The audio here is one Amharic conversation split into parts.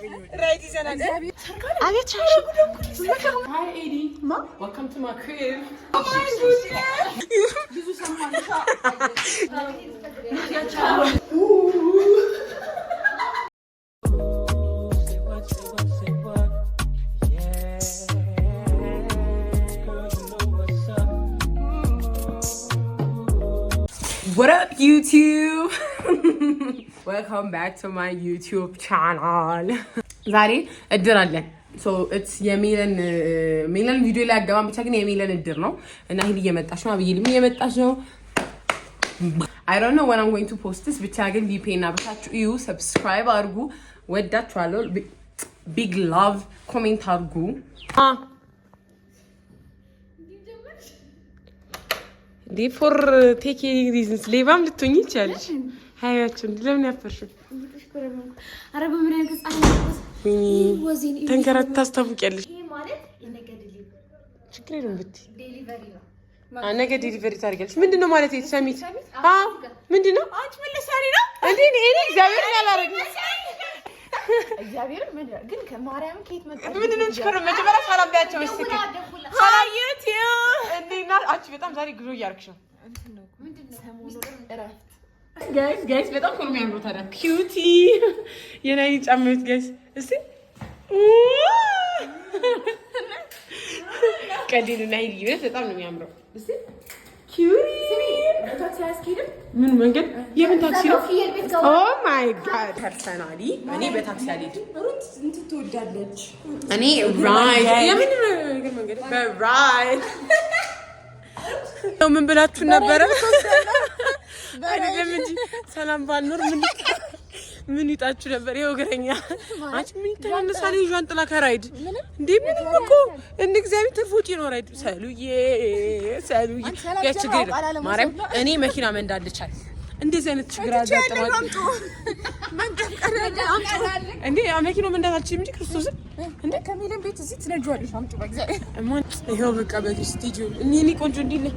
Hi, Adi. Mom? Welcome to my crib. Oh my someone. What up, YouTube? ወልካም ባክ ቱ ማይ ዩቲዩብ ቻናል። ዛሬ እድር አለን። የሚለን uh, ሚለን ቪዲዮ ላይ አገባም፣ ብቻ ግን የሚለን እድር ነው እና ሂል እየመጣች ነው፣ አብይልም እየመጣች ነው። አይ ዶንት ኖ ወን አም ጎይንግ ቱ ፖስትስ። ብቻ ግን ቪፒ እና ብታችሁ እዩ፣ ሰብስክራይብ አድርጉ። ወዳችኋለሁ። ቢግ ላቭ። ኮሜንት አድርጉ። እንዴ ፎር ቴክ ሪዝንስ ሌባም ልትሆኝ ይቻለሽ። ሀያችን ለምን ያፈርሽው? ተንከራት ታስታውቂያለሽ። ችግር የለም ብትይ ነገ ዴሊቨሪ ታደርጊያለሽ። ምንድን ነው ማለት ሰሚት ምንድን ነው? እንዴ እኔ እግዚአብሔርን ግን በጣም ዛሬ ግሩ እያደረግሽ ነው። ጋይስ ጋይስ በጣም ኮርሚ ያምሮ ታዲያ ኪዩቲ የናይ ጫማዎች ጋይስ እስቲ ቀዲን ናይል ይበት በጣም ነው የሚያምረው እስቲ ምን መንገድ የምን ታክሲ ነው? ኦ ማይ ጋድ ፐርሰናሊ እኔ በታክሲ አልሄድም። እኔ ራይድ የምን መንገድ በራይድ ምን ብላችሁ ነበረ? አይደለም እንጂ ሰላም ባልኖር ምን ምን ይጣችሁ ነበር? ይኸው እግረኛ አንቺ ምን ይተናነሳል? ይዟን ጥላ ከራይድ እንዴ ምን እኮ እንደ እግዚአብሔር ትርፎጭ ይኖራል። ሰሉዬ ሰሉዬ ያች ችግር ማርያም፣ እኔ መኪና መንዳልቻል እንደዚህ አይነት ችግር አጋጥሟል። እንዴ መኪናው መንዳት አልችልም እንጂ ክርስቶስን እንዴ ከሚለን ቤት እዚህ ትነጇዋለሽ። አምጪው በእግዚአብሔር ይኸው በቃ በስቲዲዮ እኔ ቆንጆ እንዲህ ነኝ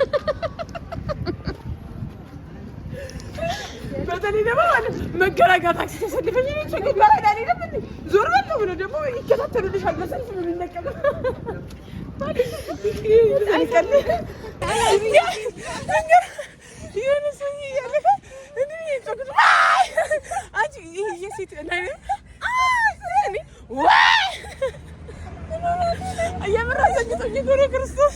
እኔ ደግሞ ማለት መገናኛ ታክሲ ተሰልፈኝ ችግር ባረዳ ኔ ለም ዞር በለው ብሎ ደግሞ ይከታተሉልሻል በሰልፍ ነው የሚነቀለው። የሆነ ክርስቶስ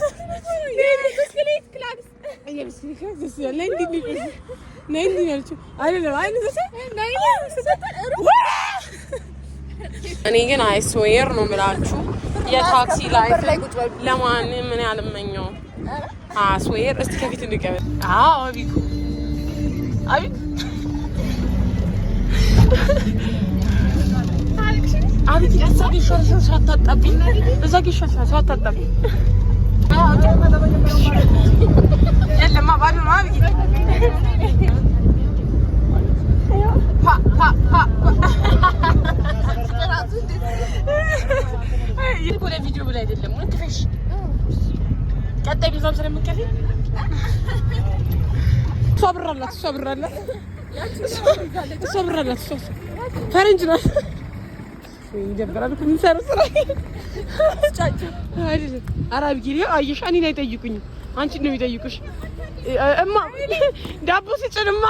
እኔ ግን አይስዌር ነው የምላችሁ የታክሲ ላይ ለማንም ምን ያልመኘው አስዌር። እስቲ ከፊት እንቀበል። አዎ አቢኩ አቢኩ አቢኩ እዛ ሰው አታጣብኝ፣ እዛ ጌሻ ሰው አታጣብኝ Gel ma var mı abi git. Pa pa pa. Yine böyle video böyle edelim. Ne tefeş? Hatta bizim sana mı kafi? Sabırla, sabırla. Sabırla, sabırla. Ferincin. ይደብራል እኮ የምንሰራው ስራ አይደለም። ኧረ አብጌል አየሽ፣ እኔን አይጠይቁኝም፣ አንቺን ነው የሚጠይቁሽ። እማ ዳቦ ስጭንማ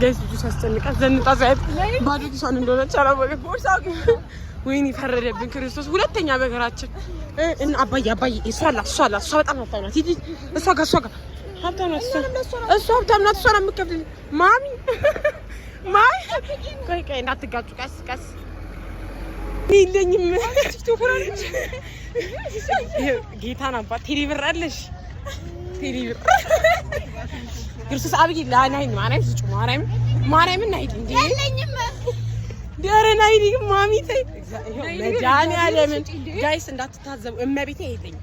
ገዝ ልጁ ሲያስጨንቃት ዘንጣ ሳያት ባዶ ኪሷን እንደሆነች አላወቅም። ወይኔ ፈረደብን ክርስቶስ። ሁለተኛ በሀገራችን እና አባዬ አባዬ እሷ አላት እሷ አላት እሷ በጣም ሀብታም ሂጂ እሷ ጋር እሷ ጋር ሀብታም ናት እሷ ሀብታም ናት እሷ ናት የምትከፍልልኝ ማሚ ማይ ቆይ ቆይ እንዳትጋጩ፣ ቀስ ቀስ የለኝም ጌታን አባት ቴሌ ብር አለሽ ቴሌ ብር ክርስቶስ አብይ ላናይ ማርያም ስጭ ማርያም ማርያም ናይድ እንዴ የለኝም ደረ ናይድ ማሚቴ መድኃኒዓለምን ጋይስ እንዳትታዘቡ እመቤቴ የለኝም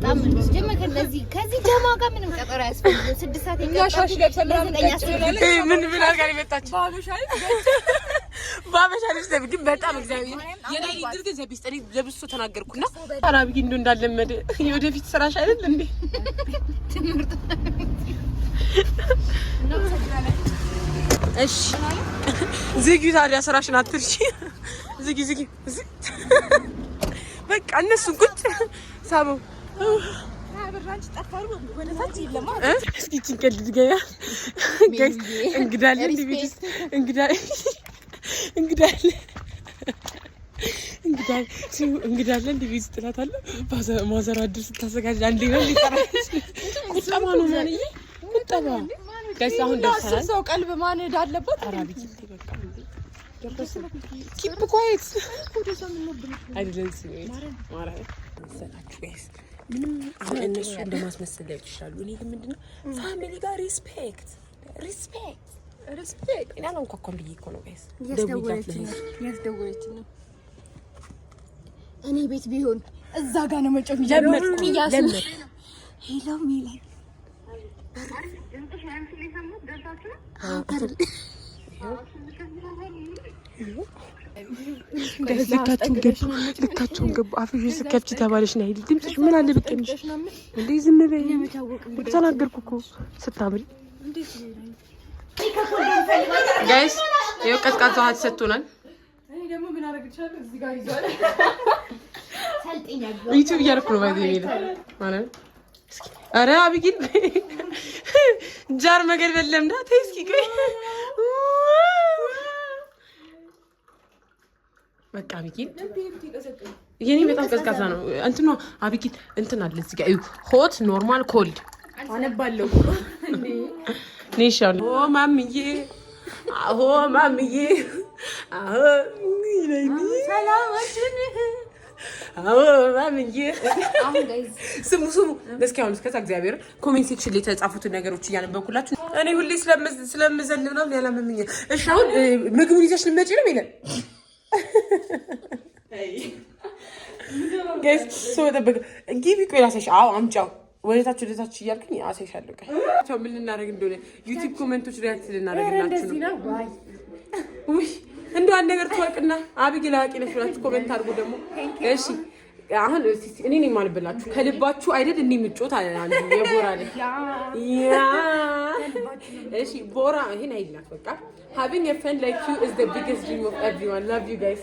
በጣም ከዚህ ጀማ ጋር ምንም ቀጠሮ አያስፈልግም። ስድስት ሰዓት ምን ምን አድርጋ ነው የመጣችው? በአበሻ ልብስ ግን በጣም እግዚአብሔር ለብሶ ተናገርኩና አራብዬ እንደው እንዳለመደ የወደፊት ስራሽ አይደል እንዴ እሺ ዝጊ። ታዲያ ስራሽን አትርሺ። ዝጊ ዝጊ። በቃ እነሱን ቁጭ ሳበው እስኪ ችን ቀልድ ገያ እንግዳለን እንግዳለን ዲቪ ውስጥ እላታለሁ። ማዘር አድር ስታዘጋጅ አንዴ ነው ሊጠራች። ቁጠባ ነው ማንዬ፣ ቁጠባ ደስ አሁን ደርሰናል። ሰው ቀልብ ማንድ አለበት። ኪፕ ኳየት አይደለም ምንም እነሱ እንደማስመሰል ላይ ይችላሉ። እኔ ግን ምንድነው ፋሚሊ ጋር ሪስፔክት ሪስፔክት ሪስፔክት እና ነው ብዬ እኮ ነው ጋይስ ያስደወለችኝ ነው። እኔ ቤት ቢሆን እዛ ጋር ነው መጮህ ጀመርኩ። ያስ ሄሎ ሚላ ድምፅሽ ልካቸውን ገቡ፣ ልካቸውን ገቡ። አፍሽ ስከፍች ተባለሽ ነው ድምፅሽ ምን አለ ብቀንሽ እንዴ? ዝም በይ ተናገርኩ እኮ ስታምሪ። ጋይስ ይኸው ቀዝቃዛ ውሃ ተሰጥቶናል። ዩቲዩብ እያደረኩ ነው ማለት የሚል ማለት አረ አብጊል ጃር መገልበል ለምዳ ተይ እስኪ ቆይ በቃ አቢጊል የኔ በጣም ቀዝቃዛ ነው። እንትን አቢጊል እንትን አለ እዚህ ጋር ሆት፣ ኖርማል፣ ኮልድ አነባለሁ። ኔሻል ኦ ማምዬ አሆ ማምዬ አሆ ስሙ ስሙ። እስኪ አሁን እስከዛ እግዚአብሔር ኮሜንት ሴክሽን ላይ የተጻፉትን ነገሮች እያነበብኩላችሁ እኔ ሁሌ ስለምዘል ነው ያላመምኝ። እሺ አሁን ምግቡን ይዘሽ ልትመጪ ነው ይለን ጋይስ ተጠበቀ ጊቢ ቆይ ላሳይሽ። አዎ አምጫው ወደታች ወደታች እያልኩኝ አሳይሻለሁ። ቀይ ሰው ምን ልናደርግ እንደሆነ ዩቲብ ኮመንቶች ሪያክት ልናደርግላችሁ ነው። ውይ አንድ ነገር ትወርቅና አብጌ ላቂ ነሽ ብላችሁ ኮመንት አድርጉ ደግሞ እሺ። አሁን እኔ ነኝ የማልበላችሁ ከልባችሁ አይደል? እንዲህ ምጮት አለ የቦራ ላይ ያ እሺ፣ ቦራ ይሄን አይላት በቃ having a friend like you is the biggest dream of everyone love you guys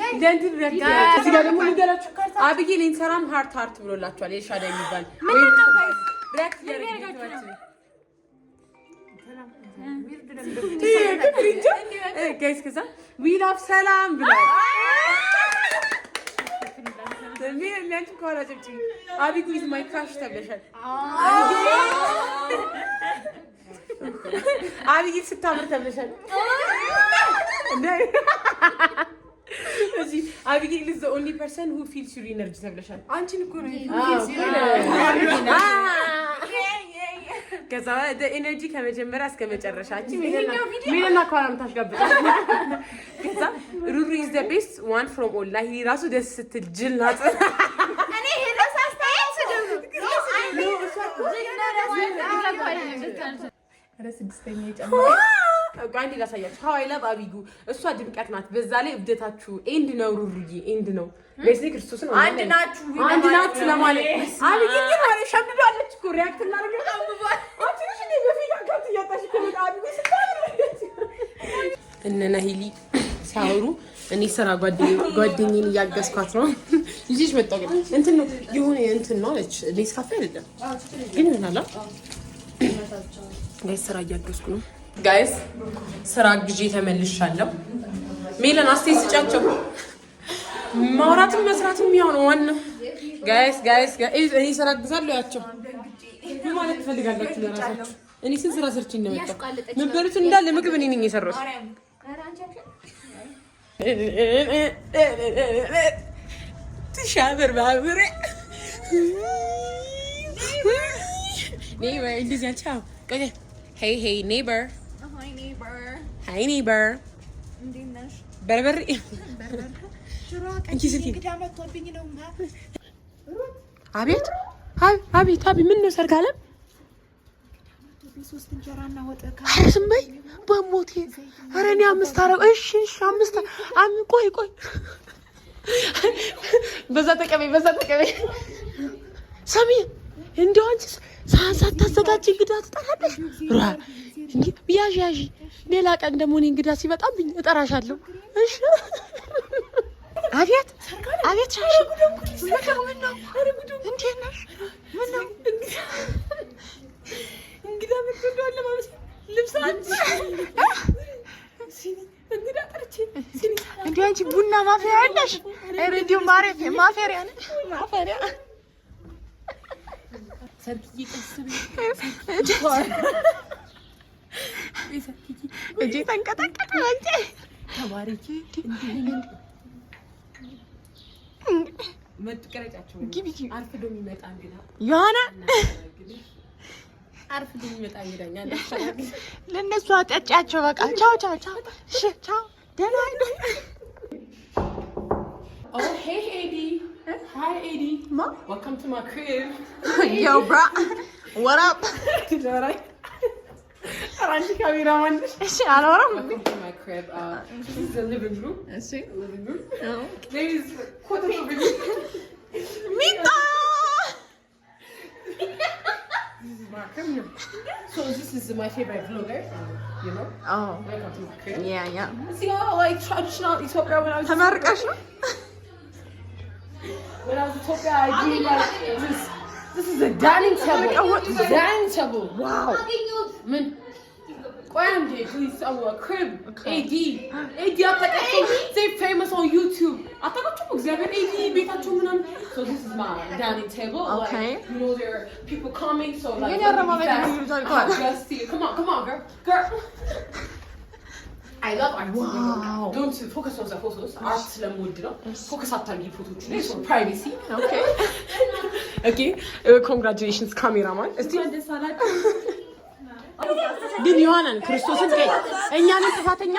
እዚህ ጋር ደግሞ ልንገራችሁ አብዬ ሊንሰራም ሀርት ሀርት ብሎላችኋል። የሻዳ የሚባል ጋይስ ከዛ ዊላፍ ሰላም ብሏል። አብይ ስታምር ተብለሻል። እዚህ አቢጌል ኢዝ ዘ ኦንሊ ፐርሰን ሁ ፊልስ ዩር ኢነርጂ ተብለሻል። አንቺን እኮ ነው። ከዛ ኢነርጂ ከመጀመሪያ እስከ መጨረሻችን ሚለና ከኋላ ታሽጋብጣ። ከዛ ሩሩ ኢዝ ዘ ቤስት ዋን ፍሮም ኦል ላይ ራሱ ደስ ስትል ጅል ናት። ስድስተኛ አንዴ ላሳያችሁ። ሀዋይ ላቭ አቢጉ እሷ ድምቀት ናት። በዛ ላይ እብደታችሁ ኤንድ ነው። ሩሩዬ ኤንድ ነው። ቤስሊ ክርስቶስ ነው። አንድ ናችሁ፣ አንድ ናችሁ ለማለት አብይ ግን ወሬ ሸምዷለች እኮ ሪያክት እናደርገ አንቺ እኔ በፊት እነና ሂሊ ሲያወሩ እኔ ስራ ጓደኝን እያገዝኳት ነው። ልጅሽ መጣ ግን እንትን ነው የሆነ እንትን ነው አለች። ኔስካፌ አይደለም ግን ይሆናላ ጋይ ስራ እያገዝኩ ነው ጋይስ ስራ ግዢ ተመልሻለሁ። ሜለን አስተይ ስጫቸው ማውራትም መስራትም የሚሆን ዋና ጋይስ ጋይስ ጋይስ እኔ ስራ ግዛለሁ ያቸው ማለት ትፈልጋላችሁ ለራሳችሁ። እኔ ስንት ስራ ሰርቼ ነው የመጣው። መበሉት እንዳለ ምግብ እኔ ነኝ የሰራሁት። ትሻብር ባብሬ ቻው ባብር ኔበር ሀይ ኔበር በርበሬ አቤት አቤት አቤት ምን ነው ሰርጋለም ኧረ ዝም በይ በሞቴ ኧረ እኔ አምስት አረብ እሺ እሺ አምስት ቆይ ቆይ በዛ ተቀበይ በዛ ተቀበይ ሰሚ እንደው አንቺ እንግዳ ትጠራለሽ እንጂ ያዥ ያዥ። ሌላ ቀን ደግሞ እኔ እንግዳ ብኝ እጠራሻለሁ። እሺ? አቤት አቤት፣ ሻሽ እንዴት ነሽ? እንግዳ እንዲሁ አንቺ ቡና ማፈሪያ ያለሽ? ማፈሪያ ማፈሪያ ሰርግዬ እጄ ተንቀጠቀጠ። ተባረኪ። የሆነ ለእነሱ አጠጫቸው። በቃ ቻው ቻው ቻው ቻው። ደህና ያው ብራ ወራብ Arancı kameraman. E şey ararım mı? Welcome to my crib. Uh, this is the living room. E şey. Living room. There is quite a Mita! this is my camera. So this is my favorite vlogger. Uh, you know? Oh. Welcome to my crib. Yeah, yeah. See how like traditional Ethiopia when I was... Hemen arkadaşlar. When I was Ethiopia, I did like just This is a dining table. I want this dining table. Wow. ምን ቆይ እንጂ ፕሊዝ ሰው ክሪብ ኤዲ ኤዲ አጠቃቸው ሴ ፌመስ ኦን ዩቲዩብ አጠቃቸው እግዚአብሔር ኤዲ ቤታቸው ምናምን ሶ ዲስ ኢዝ ማይ ዳኒ ቴብል ኦኬ ዩ ኖ ዜር ፒፕል ካሚንግ ሶ ላይክ የኔ አረማ ቤት ነው ይሉታል ቆይ ጀስት ሲ ካም ኦን ካም ኦን ገር ገር I love art. Wow. Don't focus on the photos. Art ስለምወድ ነው። ፎከስ አታርጊ ፎቶቹ ላይ ሶ ፕራይቬሲ ኦኬ ኮንግራጁሌሽንስ ካሜራማን። ግን ዮሐናን ክርስቶስን እኛ ነን ጥፋተኛ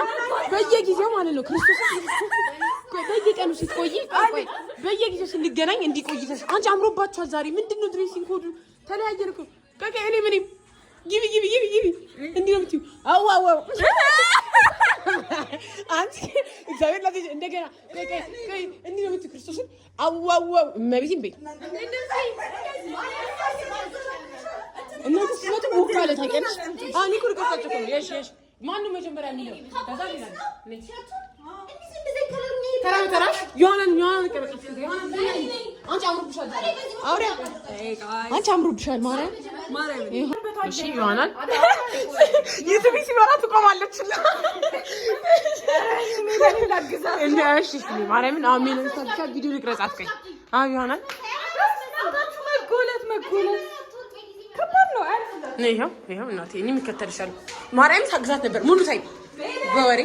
በየጊዜው ማለት ነው። ክርስቶስን በየቀኑ ስትቆይ በየጊዜው ስንገናኝ እንዲቆይተሽ አንቺ አምሮባችኋል። ዛሬ ምንድን ነው ድሬሲንግ ኮዱ ተለያየን እኮ በቃ እኔ ምንም ግቢ እንዲህ ነው የምትይው። አንቺ እግዚአብሔር ላትሄጂ እንደገና እንዲህ ነው ክርስቶስን አዋዋው እመቤቴን ቤት እነዚህ ሲመጡ ቦካ አለ ታውቂያለሽ። እኔ እኮ ልቀጣቸው እኮ የሽ የሽ ማነው መጀመሪያ የሚለው ከዛ ሌላ ተራ ተራ የሆነን የሆነን አንቺ አምሮብሻል፣ አንቺ አምሮብሻል ማርያም ይሆናል የትም ሲበራ ትቆማለች። ማርያምን አሜን ብቻ ቪዲዮ ልቅረጽ አትቀኝ ይሆናል እናቴ እኔም ማርያምን ታግዛት ነበር ሙሉ ታይም በወሬ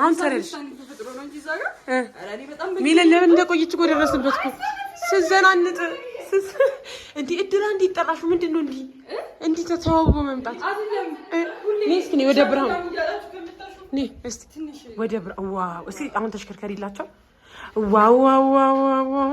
አሁን ሚለን ለምን እንደቆየች እኮ ደረስንበት እኮ ስዘናንጥ እድራ ምንድን ነው ተተዋውቦ መምጣት እስኪ ወደ ብርሃኑ ወደ ብርሃኑ ዋው እስኪ አሁን ተሽከርካሪ ይላቸው ዋው ዋው ዋው ዋው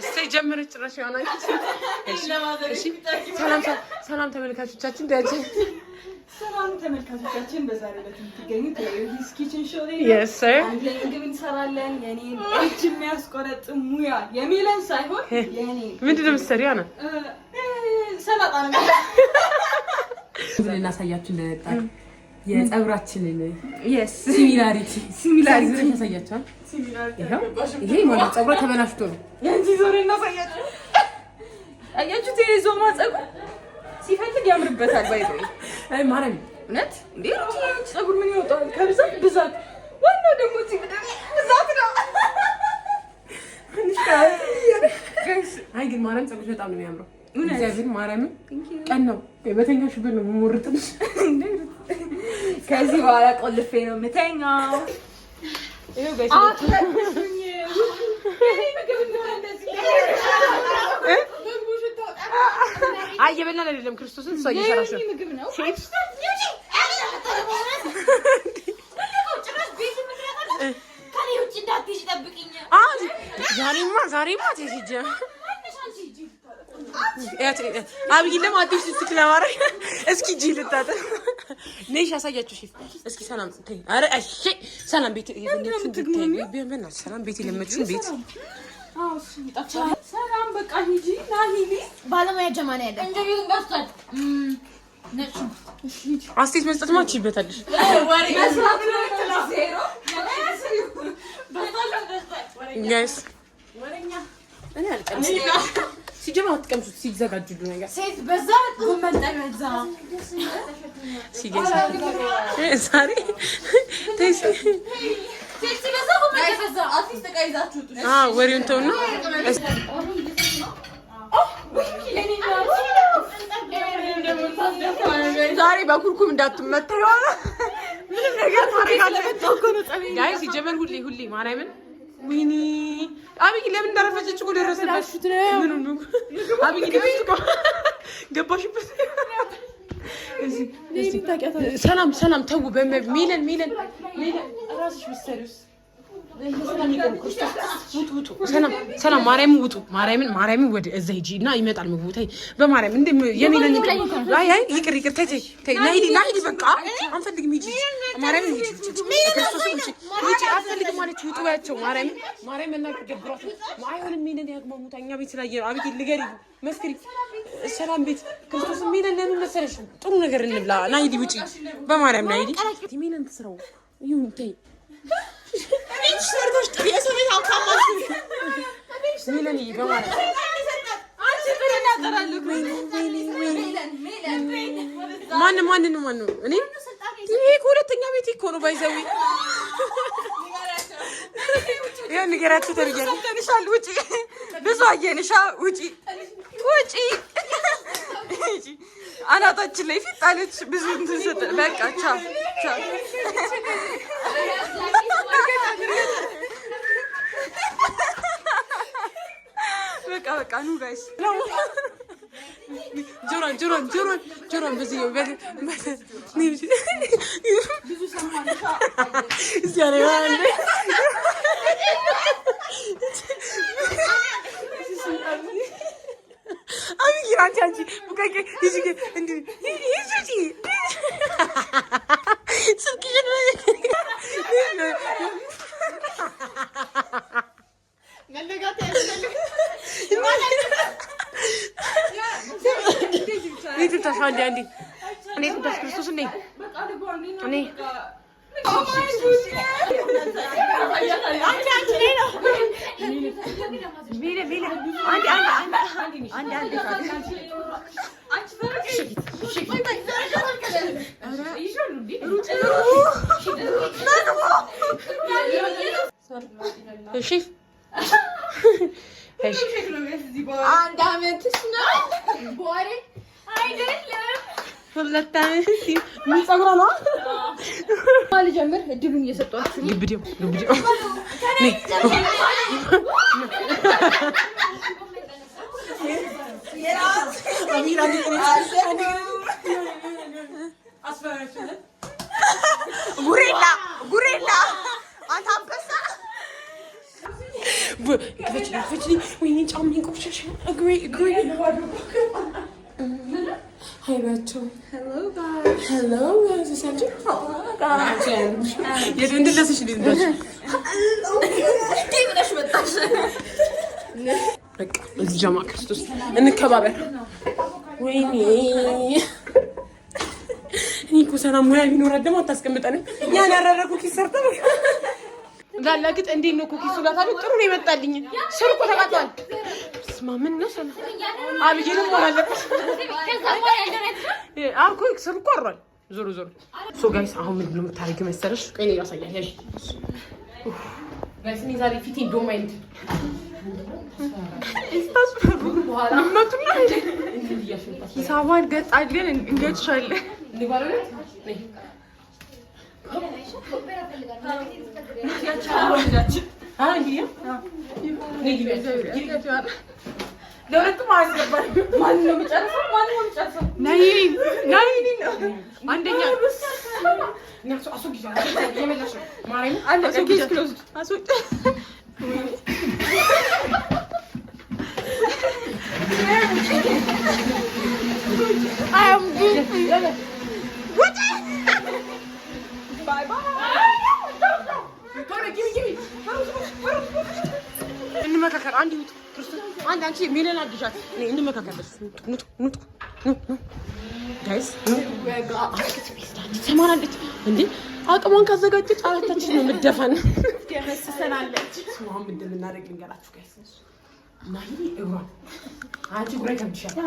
እሰይ ጀመረች ጭራሽ ይሆናችሁ። ሰላም ተመልካቾቻችን፣ ሰላም ተመልካቾቻችን። በዛሬ ዕለት የምትገኙት የዩቲስ ኪችን ሾ ላይ አንድ ላይ ምግብ እንሰራለን። የኔን እጅ የሚያስቆረጥ ሙያ የሚለን ሳይሆን የኔ ምንድን ነው የምትሰሪው? አና ሰላጣ ነው። ልናሳያችሁ ለጣ የፀጉራችንን ሲሚላሪቲ ሲሚላሪቲ ያሳያቸዋል። ይሄ ማለት ፀጉሯ ተበላሽቶ ነው። አያችሁት? ፀጉር ሲፈልግ ያምርበታል። ባይ አይ እውነት እንዴ! ፀጉር ምን ይወጣል? ከብዛት ብዛት። ዋናው ደግሞ ብዛት ነው። አይ ግን ማርያም ፀጉር በጣም ነው የሚያምረው። እግዚአብሔር ቀን ነው በተኛሽበት ነው የምሞርጥልሽ። ከዚህ በኋላ ቆልፌ ነው የምተኛው። አይ የበላን አይደለም፣ ክርስቶስን ሰው እየሰራሽ ነው። ዛሬማ ዛሬማ አብይ ለም አዲስ ስቲክ ለማረ እስኪ እጅ ልታጠ ነሽ ያሳያችሁ። ሺፍ እስኪ ሰላም አረ እሺ፣ ሰላም ቤት ሰላም ቤት የለመችውን ቤት ሰላም በቃ ሂጂ ና ሂጂ። ባለሙያ ጀማ ጀማን ያለ አስቴት መስጠት ማ ችይበታለሽ ጋይስ እኔ አልቀምስ ሲጀምር አትቀምሱት ሲዘጋጁሉ ነገር ሴት በዛ ወሬውን ተውና ዛሬ በኩርኩም እንዳትመታ ምንም ነገር ታደርጋለህ። ሲጀመር ሁሌ ሁሌ ማርያምን ዊኒ Abi gelemin tarafa çık çık oluyor aslında. Şu tarafa. Abi gelemin çık. Gabaşı pes. Neyini tak atalım. Selam selam tabu ben ben Milen Milen. Milen araşmış serüs. ሰላም ማርያም ውጡ፣ ማርያምን ማርያምን ወደ እዛ ሂጂ እና ይመጣል ምግቡ። ተይ በማርያም እንደ የሚለን አይ አይ ይቅር ይቅር፣ ተይ ተይ ተይ፣ ና ሂዲ ና ሂዲ፣ በቃ አንፈልግም፣ ሂጂ ማርያምን፣ ሂጂ ሂጂ፣ አንፈልግም ማለት ውጡ በያቸው። ማርያምን ማርያም እና ደብሯት አይሆንም። ሚለን ያግማሙታ እኛ ቤት ስላየ አቤት ልገሪ መስክሪ ሰላም ቤት ክርስቶስ ሚለን ለምን መሰለሽ ጥሩ ነገር እንብላ። ና ውጪ፣ በማርያም ና ሚለን ትስራው ይሁን ተይ ቤት የሰው ቤት ማን ማንን ማን ነው? እኔ ይሄ ከሁለተኛ ቤት እኮ ነው ባይዘዊ ይሄ ንገራችሁ ተርያል ተንሻል ውጪ ብዙ አየንሻ ውጪ ውጪ አናታችን ላይ ፊት ጣለች። ብዙ እንትን ሰጠ። በቃ ቻው ቻው በቃ በቃ ኑ ጋይስ ጆሮን ጆሮን ጆሮን ጆሮን በዚህ ብዙ አንዴ አንዴ እኔ ተስክርስቶስ እንዴ እኔ Lubrium, lubrium. Nee. Amira die in het ጉሬላ ጉሬላ አታበሳ ግበች ግበች ወይኔ ጫማ ቆሸሽ እግሬ እግሬ Hi, Rachel. Hello, guys. Hello, guys. It's Andrew. Oh, my God. You're doing this, she didn't touch. እዚጃማ ክርስቶስ እንከባበር። ወይኔ እኔ እኮ ሰላም ሙያ ቢኖራት ደግሞ አታስቀምጠንም። ያን ያራረኩ ኪስ ሰርተ ላላግጥ እንዴ ነው ኩኪ ሱላት አለ ጥሩ ነው የመጣልኝ። ስርቁ ተቃጥሏል። ስማ ምን ነው ሰላ አብዬ ነው ማለበት አልኩ ስርቁ አሯል። ዞሮ ዞሮ ሶ ጋይስ አሁን ምንድን ነው የምታደርጊው መሰለሽ? ቀኔ ያሳያል። ያሽ ጋይስ ዛሬ ፊቴ ዶማይንድ ሂሳቧን ገጥ እንገጭሻለን። እንገጥሻለን። Ha yiyeyim. Ne gibi? Gir götür. Devletim ağzına bak. Mannu mu çatsın? Mannu mu çatsın? Neyin? Neyin? Anne ya. Ne yapsın? Asu güzel. Yemek yaşa. Marim. Anne asu güzel. Asu. I am goofy. What the Bye bye። አቅሟን ካዘጋጀች አራታችን ነው የምትደፋን። ደመስሰናለች። ስማም እንደምናደርግ ልንገራችሁ ጋይስ ናሂ እሯን አንቺ ጉራይ ከምትሻል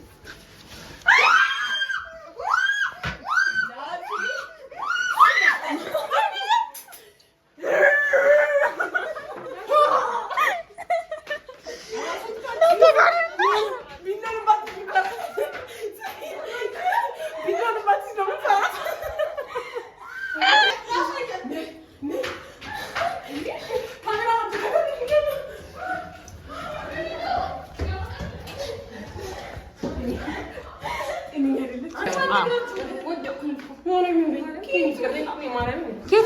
Kim?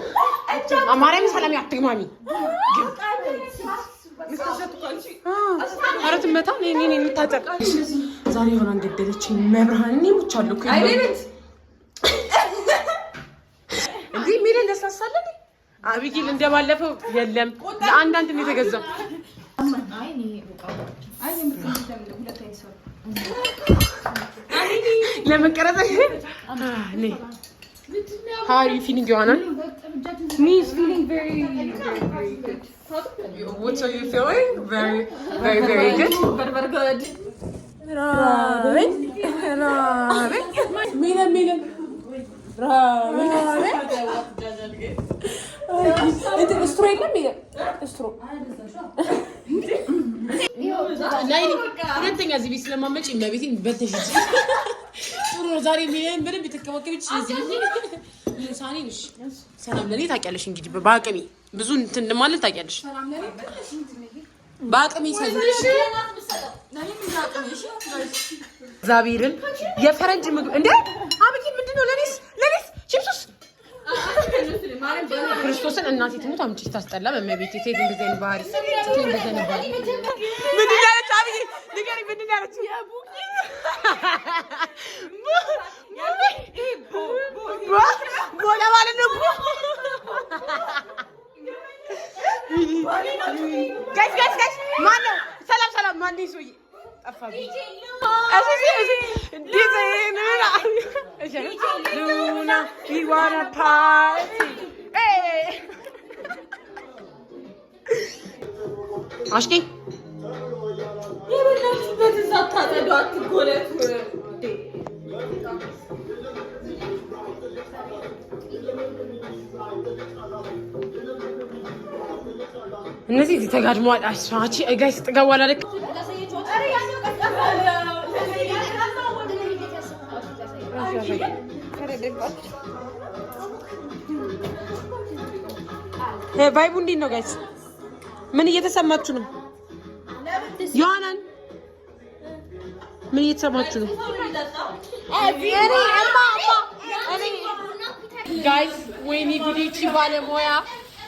ማርያም ሰላም አትግማሚ። ኧረ ትመታ የምታጠቅ ዛሬ የሆነ እንደደለች መብርሃን እኔ ሙቻለሁ እንዲህ ሚለ ለስላሳለ አብይል እንደባለፈው የለም ለአንዳንድ ነው የተገዛው። ለመቀረጽ ሀሪ ፊሊንግ ይሆናል Me is feeling very, very, good. What are you feeling? Very, very, very good. Very, very good. Robin, Robin, Mila, Mila, Robin. أنت استروي كم ሁለተኛ እዚህ ቤት ስለማመጭ መቤቴን በተሽ ጥሩ ነው። ዛሬ ሚሊዮን በደንብ የተከባከበች ሰላም ለኔ ታውቂያለሽ። እንግዲህ በአቅሜ ብዙ እንትን ማለት ታውቂያለሽ። በአቅሜ እግዚአብሔርን የፈረንጅ ምግብ እንደ አብጊ ምንድን ነው ለኔስ ለኔስ ቺፕሱስ ክርስቶስን እናቴ ትሞት አምጪ ታስጠላ በመቤት ቴድ እንደዚህ ባህሪ ቴድ እንደዚህ ባህሪ ምንድን ያለች አብይ ንገሪ፣ ምንድን ያለች እነዚህ ተጋድመዋል። አሻቺ ጋይስ ጥገቧል አለ ባይቡ። እንዴት ነው ጋይስ? ምን እየተሰማችሁ ነው? ዮሐናን ምን እየተሰማችሁ ነው? ጋይስ ወይኔ ጉዴ! ባለሙያ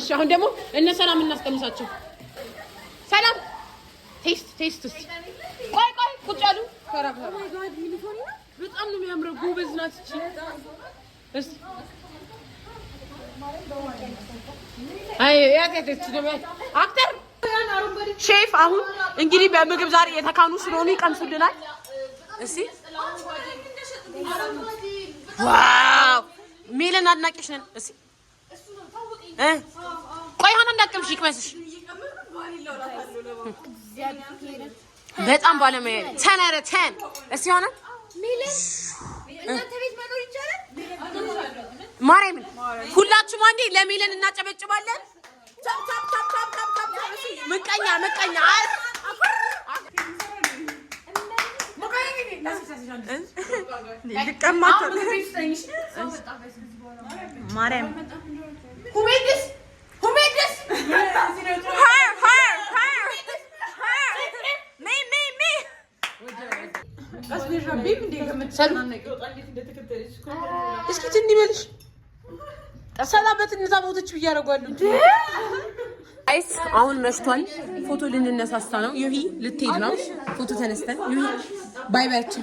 እሺ፣ አሁን ደግሞ እነ ሰላም እናስቀምሳቸው። ሰላም ቴስት ቴስት። ቆይ ቆይ፣ ቁጭ ያሉ በጣም ነው የሚያምረው። ጎበዝ ናት። እስኪ አይ አክተር ሼፍ። አሁን እንግዲህ በምግብ ዛሬ የተካኑ ስለሆኑ ይቀምሱልናል። እሺ ዋው ሜለን አድናቂሽ ነን። እሺ ቆይ ሆነ እንዳቅምሽ ይቅመስሽ። በጣም ባለሙያ ተነረተን እስቲ ሆነ ማርያምን ሁላችሁም አንዴ ለሚለን እናጨበጭባለን። ምቀኛ ምቀኛ ማርያም Who made this? Who made this? her, her, her. Me, me, me. እስኪ ትን ይበልሽ ሰላም በትንዛ ቦቶች ብያደረጓሉ። አይስ አሁን መሽቷል። ፎቶ ልንነሳሳ ነው። ይህ ልትሄድ ነው። ፎቶ ተነስተን ባይ ባያችን